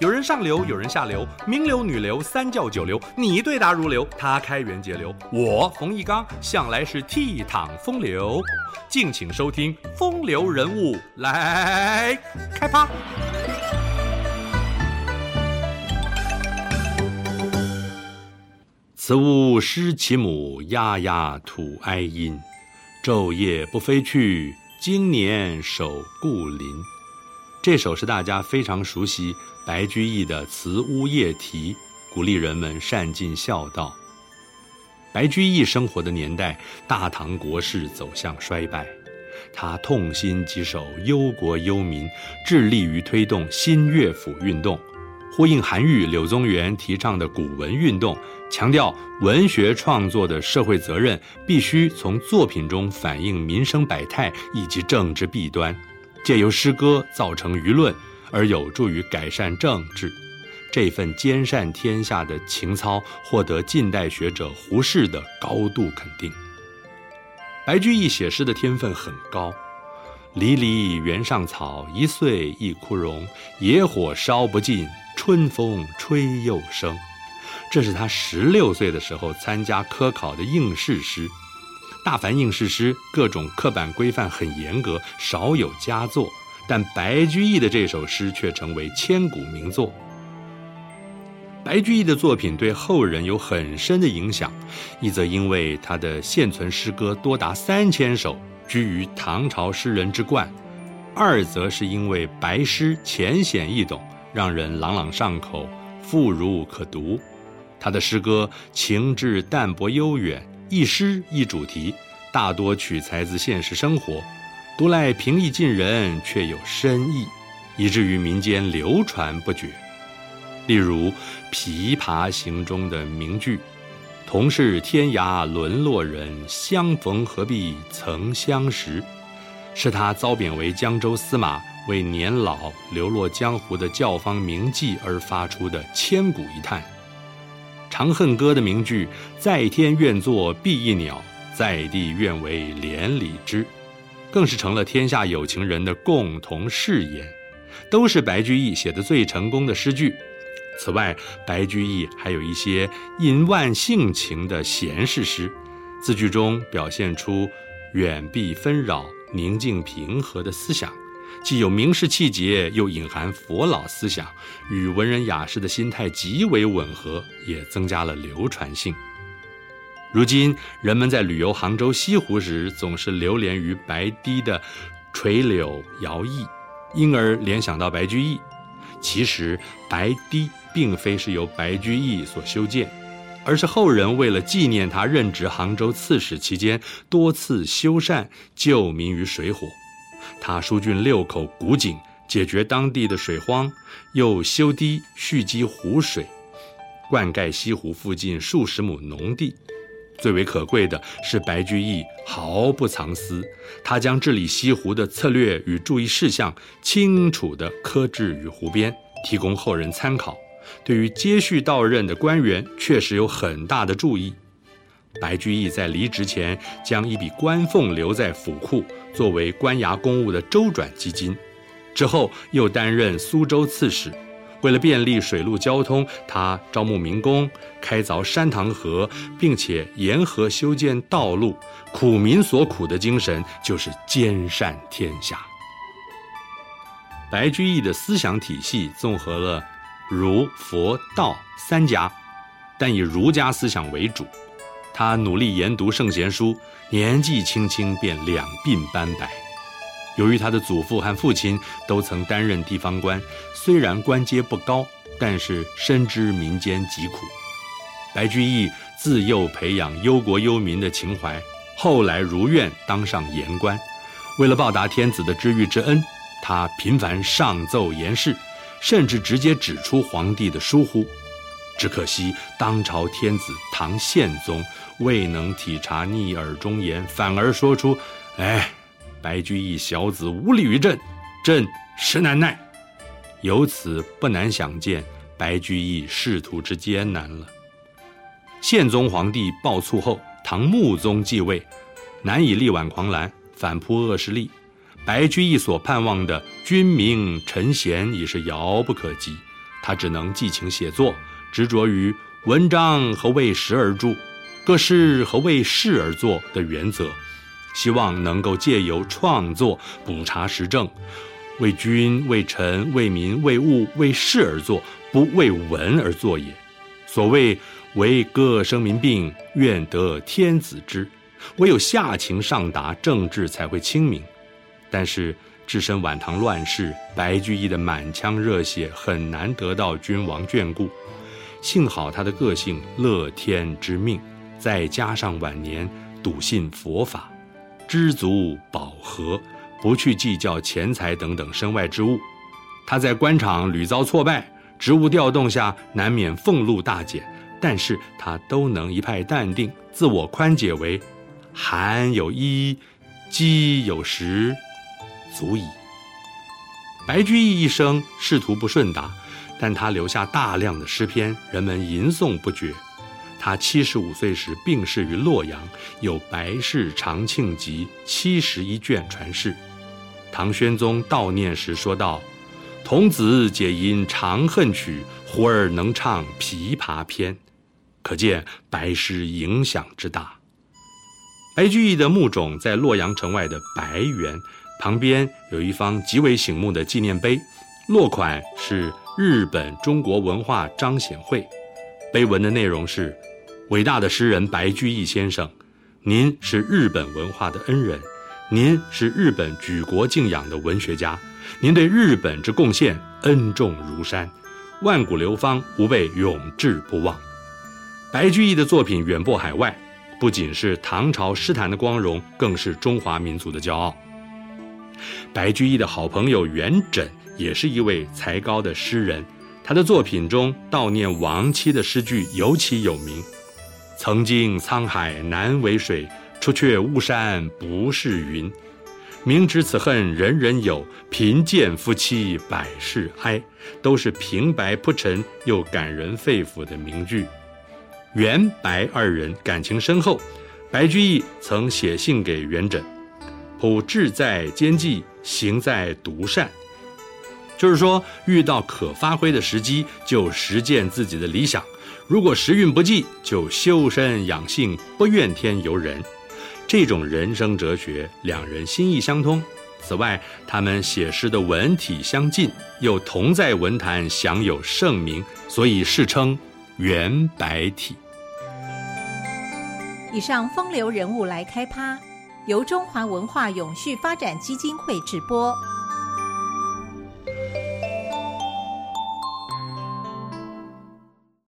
有人上流，有人下流，名流、女流、三教九流，你對答如流，他開源節流，我馮翊綱向來是倜儻風流，敬請收聽《風流人物》來開趴。此物失其母，啞啞吐哀音，晝夜不飛去，經年守故林。這首是大家非常熟悉白居易的《慈烏夜啼》，鼓勵人們善盡孝道。白居易生活的年代，大唐國勢走向衰敗，他痛心疾首，憂國憂民，致力於推動新樂府運動，呼應韓愈、柳宗元提倡的古文運動，強調文學創作的社會責任，必須從作品中反映民生百態以及政治弊端。借由詩歌造成輿論，而有助於改善政治，這份兼善天下的情操，獲得近代學者胡適的高度肯定。白居易寫詩的天分很高，“離離原上草，一歲一枯榮。野火燒不盡，春風吹又生。”這是他十六歲的時候參加科考的應試詩。大凡應試詩，各種刻板規範很嚴格，少有佳作。但白居易的這首詩卻成為千古名作。白居易的作品對後人有很深的影響，一則因為他的現存詩歌多達三千首，居於唐朝詩人之冠；二則是因為白詩淺顯易懂，讓人朗朗上口，婦孺可讀。他的詩歌情致淡泊悠遠。一詩一主題，大多取材自現實生活，讀來平易近人卻有深意，以至於民間流傳不絕。例如《琵琶行》中的名句“同是天涯淪落人，相逢何必曾相識”，是他遭貶為江州司馬、為年老流落江湖的教坊名妓而發出的千古一嘆。《長恨歌》的名句“在天願作比翼鳥，在地願為連理枝”，更是成了天下有情人的共同誓言。都是白居易寫的最成功的詩句。此外，白居易還有一些吟玩性情的閒適詩，字句中表現出遠避紛擾、寧靜平和的思想。既有名士氣節，又隱含佛老思想，與文人雅士的心態極為吻合，也增加了流傳性。如今人們在旅遊杭州西湖時，總是流連於白堤的垂柳搖曳，因而聯想到白居易。其實，白堤並非是由白居易所修建，而是後人為了紀念他任職杭州刺史期間多次修繕，救民於水火。他疏浚六口古井，解決當地的水荒，又修堤蓄積湖水，灌溉西湖附近數十畝農地。最為可貴的是，白居易毫不藏私，他將治理西湖的策略與注意事項清楚地刻制於湖邊，提供後人參考。對於接續到任的官員，確實有很大的助益。白居易在離職前將一筆官俸留在府庫，作為官衙公務的周轉基金。之後又擔任蘇州刺史，為了便利水陸交通，他招募民工，開鑿山塘河，並且沿河修建道路。苦民所苦的精神就是兼善天下。白居易的思想體系綜合了儒、佛、道三家，但以儒家思想為主。他努力研讀聖賢書，年紀輕輕便兩鬢斑白。由於他的祖父和父親都曾擔任地方官，雖然官階不高，但是深知民間疾苦。白居易自幼培養憂國憂民的情懷，後來如願當上言官。為了報答天子的知遇之恩，他頻繁上奏言事，甚至直接指出皇帝的疏忽。只可惜，當朝天子唐憲宗未能體察逆耳忠言，反而說出：“哎，白居易小子無禮於朕，朕實難奈。”由此不難想見白居易仕途之艱難了。憲宗皇帝暴卒後，唐穆宗繼位，難以力挽狂瀾，反撲惡勢力。白居易所盼望的君明臣賢已是遙不可及，他只能寄情寫作。執着於文章和為時而著，歌事和為事而作的原則，希望能夠借由創作補察時政，為君為臣為民為物為事而作，不為文而作也。所謂為歌生民病，願得天子知。唯有下情上達，政治才會清明。但是置身晚唐亂世，白居易的滿腔熱血很難得到君王眷顧。幸好他的個性樂天知命，再加上晚年篤信佛法，知足保和，不去計較錢財等等身外之物。他在官場屢遭挫敗，職務調動下難免俸祿大減，但是他都能一派淡定，自我寬解為：寒有衣，飢有食，足矣。白居易一生仕途不順達。但他留下大量的詩篇，人們吟誦不絕。他七十五歲時病逝於洛陽，有《白氏長慶集》七十一卷傳世。唐宣宗悼念時說道：“童子解吟長恨曲，胡兒能唱琵琶篇。”可見白詩影響之大。白居易的墓塚在洛陽城外的白園，旁邊有一方極為醒目的紀念碑，落款是。日本中國文化顯彰會。碑文的內容是：偉大的詩人白居易先生，您是日本文化的恩人，您是日本舉國敬仰的文學家，您對日本之貢獻恩重如山，萬古流芳，吾輩永志不忘。白居易的作品遠播海外，不僅是唐朝詩壇的光榮，更是中華民族的驕傲。白居易的好朋友元稹。也是一位才高的詩人，他的作品中悼念亡妻的詩句尤其有名。曾經滄海難為水，除卻巫山不是雲。明知此恨人人有，貧賤夫妻百事哀，都是平白鋪陳又感人肺腑的名句。元白二人感情深厚，白居易曾寫信給元稹：“僕志在兼濟，行在獨善。”就是說，遇到可發揮的時機，就實踐自己的理想；如果時運不濟，就修身養性，不怨天尤人。這種人生哲學，兩人心意相通。此外，他們寫詩的文體相近，又同在文壇享有盛名，所以世稱“元白體”。以上風流人物來開趴，由中華文化永續發展基金會直播。